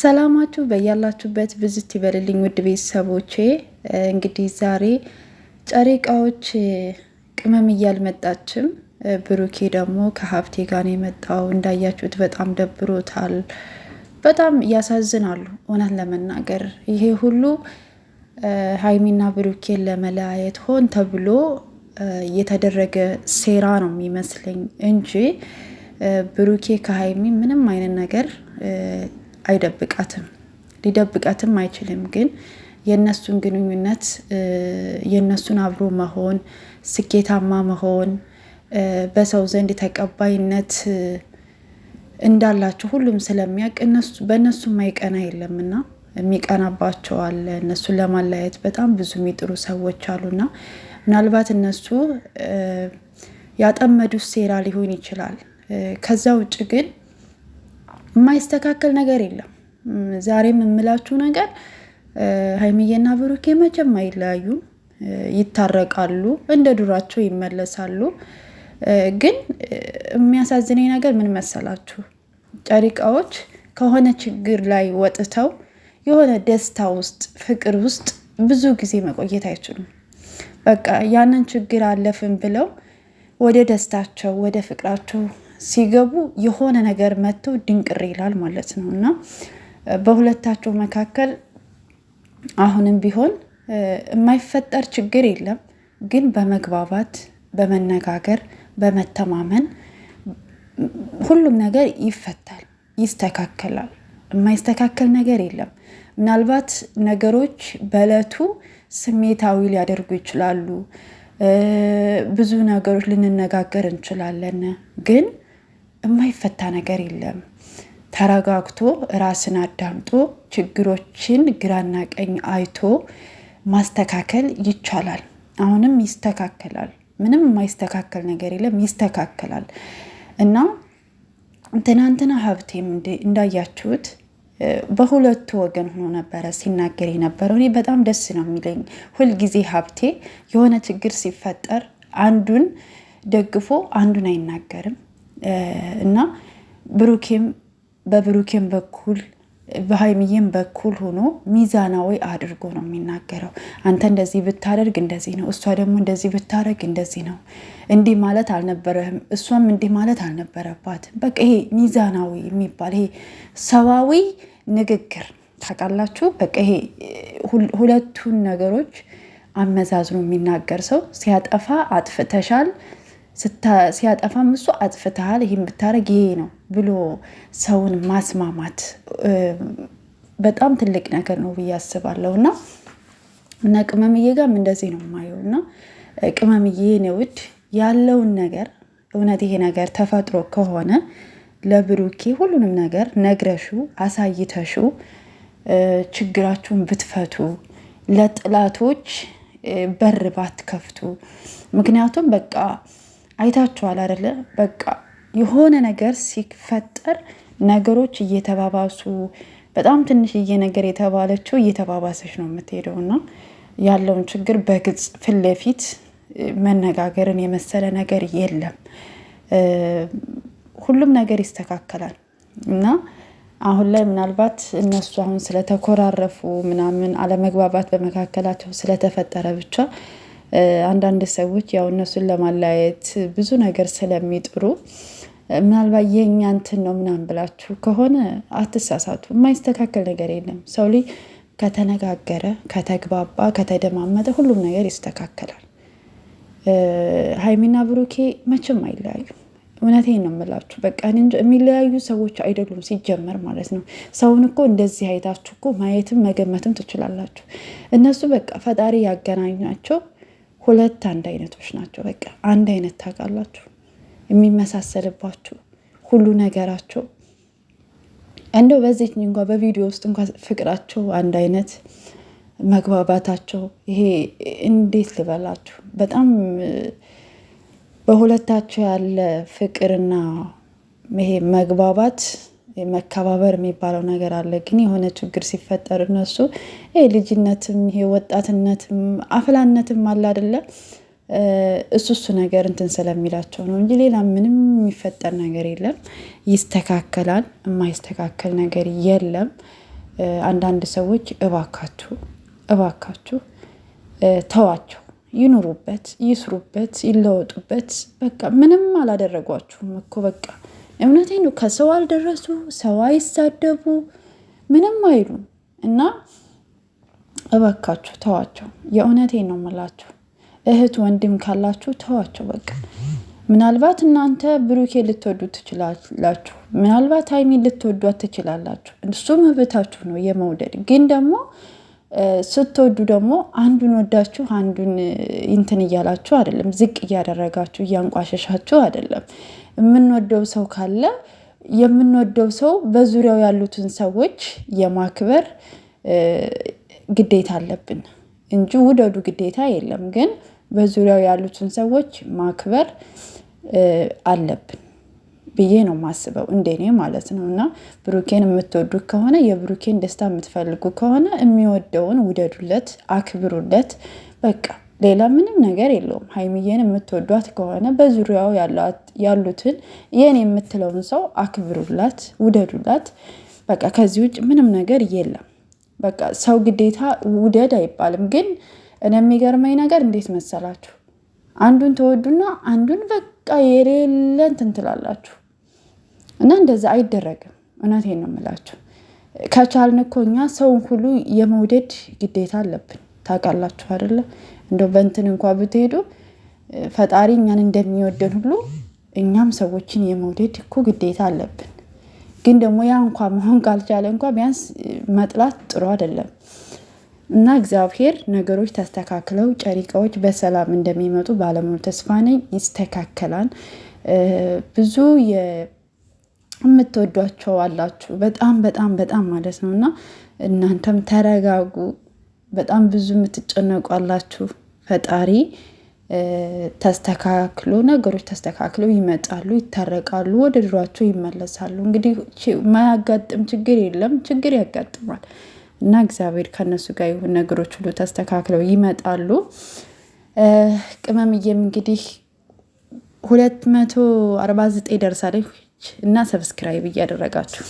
ሰላማችሁ በያላችሁበት ብዝት ይበልልኝ ውድ ቤተሰቦቼ። እንግዲህ ዛሬ ጨሪቃዎች ቅመም እያልመጣችም ብሩኬ ደግሞ ከሀብቴ ጋር ነው የመጣው። እንዳያችሁት በጣም ደብሮታል። በጣም ያሳዝናሉ። እውነት ለመናገር ይሄ ሁሉ ሀይሚና ብሩኬን ለመለያየት ሆን ተብሎ የተደረገ ሴራ ነው የሚመስለኝ እንጂ ብሩኬ ከሀይሚ ምንም አይነት ነገር አይደብቃትም፣ ሊደብቃትም አይችልም። ግን የእነሱን ግንኙነት የእነሱን አብሮ መሆን ስኬታማ መሆን በሰው ዘንድ ተቀባይነት እንዳላቸው ሁሉም ስለሚያውቅ በእነሱ ማይቀና የለምና የሚቀናባቸው አለ። እነሱን ለማለያየት በጣም ብዙ የሚጥሩ ሰዎች አሉና ምናልባት እነሱ ያጠመዱት ሴራ ሊሆን ይችላል። ከዛ ውጭ ግን የማይስተካከል ነገር የለም። ዛሬም የምላችሁ ነገር ሀይሚዬና ብሩኬ መቼም አይለያዩም፣ ይታረቃሉ፣ እንደ ዱራቸው ይመለሳሉ። ግን የሚያሳዝነኝ ነገር ምን መሰላችሁ? ጨሪቃዎች ከሆነ ችግር ላይ ወጥተው የሆነ ደስታ ውስጥ ፍቅር ውስጥ ብዙ ጊዜ መቆየት አይችሉም። በቃ ያንን ችግር አለፍን ብለው ወደ ደስታቸው ወደ ፍቅራቸው ሲገቡ የሆነ ነገር መጥቶ ድንቅር ይላል ማለት ነው እና በሁለታቸው መካከል አሁንም ቢሆን የማይፈጠር ችግር የለም፣ ግን በመግባባት በመነጋገር በመተማመን ሁሉም ነገር ይፈታል፣ ይስተካከላል። የማይስተካከል ነገር የለም። ምናልባት ነገሮች በእለቱ ስሜታዊ ሊያደርጉ ይችላሉ። ብዙ ነገሮች ልንነጋገር እንችላለን ግን የማይፈታ ነገር የለም። ተረጋግቶ ራስን አዳምጦ ችግሮችን ግራና ቀኝ አይቶ ማስተካከል ይቻላል። አሁንም ይስተካከላል። ምንም የማይስተካከል ነገር የለም፣ ይስተካከላል። እና ትናንትና ሀብቴም እንዳያችሁት በሁለቱ ወገን ሆኖ ነበረ ሲናገር የነበረው። እኔ በጣም ደስ ነው የሚለኝ ሁልጊዜ ሀብቴ የሆነ ችግር ሲፈጠር አንዱን ደግፎ አንዱን አይናገርም። እና ብሩኬም በብሩኬም በኩል በሀይሚዬም በኩል ሆኖ ሚዛናዊ አድርጎ ነው የሚናገረው። አንተ እንደዚህ ብታደርግ እንደዚህ ነው፣ እሷ ደግሞ እንደዚህ ብታደርግ እንደዚህ ነው። እንዲህ ማለት አልነበረህም፣ እሷም እንዲህ ማለት አልነበረባትም። በቃ ይሄ ሚዛናዊ የሚባል ይሄ ሰዋዊ ንግግር ታውቃላችሁ። በቃ ይሄ ሁለቱን ነገሮች አመዛዝኖ የሚናገር ሰው ሲያጠፋ አጥፍተሻል ሲያጠፋም እሱ አጥፍተሃል፣ ይህም ብታረግ ይሄ ነው ብሎ ሰውን ማስማማት በጣም ትልቅ ነገር ነው ብዬ አስባለሁ። እና እና ቅመምዬ ጋም እንደዚህ ነው የማየው። እና ቅመምዬ ውድ ያለውን ነገር እውነት ይሄ ነገር ተፈጥሮ ከሆነ ለብሩኬ ሁሉንም ነገር ነግረሹ አሳይተሹ ችግራችሁን ብትፈቱ ለጥላቶች በር ባትከፍቱ ምክንያቱም በቃ አይታችኋል አደለ? በቃ የሆነ ነገር ሲፈጠር ነገሮች እየተባባሱ በጣም ትንሽዬ ነገር የተባለችው እየተባባሰች ነው የምትሄደው እና ያለውን ችግር በግልጽ ፊት ለፊት መነጋገርን የመሰለ ነገር የለም። ሁሉም ነገር ይስተካከላል እና አሁን ላይ ምናልባት እነሱ አሁን ስለተኮራረፉ ምናምን አለመግባባት በመካከላቸው ስለተፈጠረ ብቻ አንዳንድ ሰዎች ያው እነሱን ለማለያየት ብዙ ነገር ስለሚጥሩ ምናልባት የእኛ እንትን ነው ምናምን ብላችሁ ከሆነ አትሳሳቱ። የማይስተካከል ነገር የለም። ሰው ልጅ ከተነጋገረ፣ ከተግባባ፣ ከተደማመጠ ሁሉም ነገር ይስተካከላል። ሀይሚና ብሩኬ መቼም አይለያዩም። እውነቴን ነው የምላችሁ። በቃ የሚለያዩ ሰዎች አይደሉም ሲጀመር ማለት ነው። ሰውን እኮ እንደዚህ አይታችሁ እኮ ማየትም መገመትም ትችላላችሁ። እነሱ በቃ ፈጣሪ ያገናኛቸው ሁለት አንድ አይነቶች ናቸው። በቃ አንድ አይነት ታውቃላችሁ፣ የሚመሳሰልባችሁ ሁሉ ነገራቸው እንደው በዚህ እንኳ በቪዲዮ ውስጥ እንኳ ፍቅራቸው አንድ አይነት መግባባታቸው ይሄ እንዴት ልበላችሁ፣ በጣም በሁለታቸው ያለ ፍቅርና ይሄ መግባባት መከባበር የሚባለው ነገር አለ። ግን የሆነ ችግር ሲፈጠር እነሱ ይሄ ልጅነትም ይሄ ወጣትነትም አፍላነትም አለ አይደለ? እሱ እሱ ነገር እንትን ስለሚላቸው ነው እንጂ ሌላ ምንም የሚፈጠር ነገር የለም። ይስተካከላል። የማይስተካከል ነገር የለም። አንዳንድ ሰዎች እባካችሁ እባካችሁ ተዋቸው፣ ይኑሩበት፣ ይስሩበት፣ ይለወጡበት። በቃ ምንም አላደረጓችሁም እኮ በቃ እውነቴ ነው። ከሰው አልደረሱ፣ ሰው አይሳደቡ፣ ምንም አይሉ እና እባካችሁ ተዋቸው። የእውነቴ ነው የምላችሁ። እህት ወንድም ካላችሁ ተዋቸው በቃ። ምናልባት እናንተ ብሩኬ ልትወዱ ትችላላችሁ፣ ምናልባት ሀይሚ ልትወዷት ትችላላችሁ። እሱ መብታችሁ ነው የመውደድ ግን ደግሞ ስትወዱ ደግሞ አንዱን ወዳችሁ አንዱን እንትን እያላችሁ አይደለም፣ ዝቅ እያደረጋችሁ እያንቋሸሻችሁ አይደለም። የምንወደው ሰው ካለ የምንወደው ሰው በዙሪያው ያሉትን ሰዎች የማክበር ግዴታ አለብን እንጂ ውደዱ ግዴታ የለም። ግን በዙሪያው ያሉትን ሰዎች ማክበር አለብን ብዬ ነው የማስበው፣ እንደኔ ማለት ነው። እና ብሩኬን የምትወዱ ከሆነ የብሩኬን ደስታ የምትፈልጉ ከሆነ የሚወደውን ውደዱለት፣ አክብሩለት። በቃ ሌላ ምንም ነገር የለውም። ሀይሚዬን የምትወዷት ከሆነ በዙሪያው ያሉትን የኔ የምትለውን ሰው አክብሩላት፣ ውደዱላት። በቃ ከዚህ ውጭ ምንም ነገር የለም። በቃ ሰው ግዴታ ውደድ አይባልም። ግን እኔ የሚገርመኝ ነገር እንዴት መሰላችሁ? አንዱን ተወዱና አንዱን በቃ የሌለ እንትን ትላላችሁ እና እንደዛ አይደረግም። እውነቴን ነው የምላችሁ። ከቻልን እኮ እኛ ሰውን ሁሉ የመውደድ ግዴታ አለብን። ታውቃላችሁ አይደለ? እንደው በእንትን እንኳ ብትሄዱ ፈጣሪ እኛን እንደሚወደን ሁሉ እኛም ሰዎችን የመውደድ እኮ ግዴታ አለብን። ግን ደግሞ ያ እንኳ መሆን ካልቻለ እንኳ ቢያንስ መጥላት ጥሩ አይደለም እና እግዚአብሔር ነገሮች ተስተካክለው ጨሪቃዎች በሰላም እንደሚመጡ ባለሙሉ ተስፋ ነኝ። ይስተካከላል። ብዙ የምትወዷቸው አላችሁ በጣም በጣም በጣም ማለት ነው እና እናንተም ተረጋጉ። በጣም ብዙ የምትጨነቁ አላችሁ ፈጣሪ ተስተካክሎ ነገሮች ተስተካክለው ይመጣሉ፣ ይታረቃሉ፣ ወደ ድሯቸው ይመለሳሉ። እንግዲህ ማያጋጥም ችግር የለም፣ ችግር ያጋጥማል እና እግዚአብሔር ከነሱ ጋር ይሁን። ነገሮች ሁሉ ተስተካክለው ይመጣሉ። ቅመምዬም እንግዲህ ሁለት መቶ አርባ ዘጠኝ ደርሳለች እና ሰብስክራይብ እያደረጋችሁ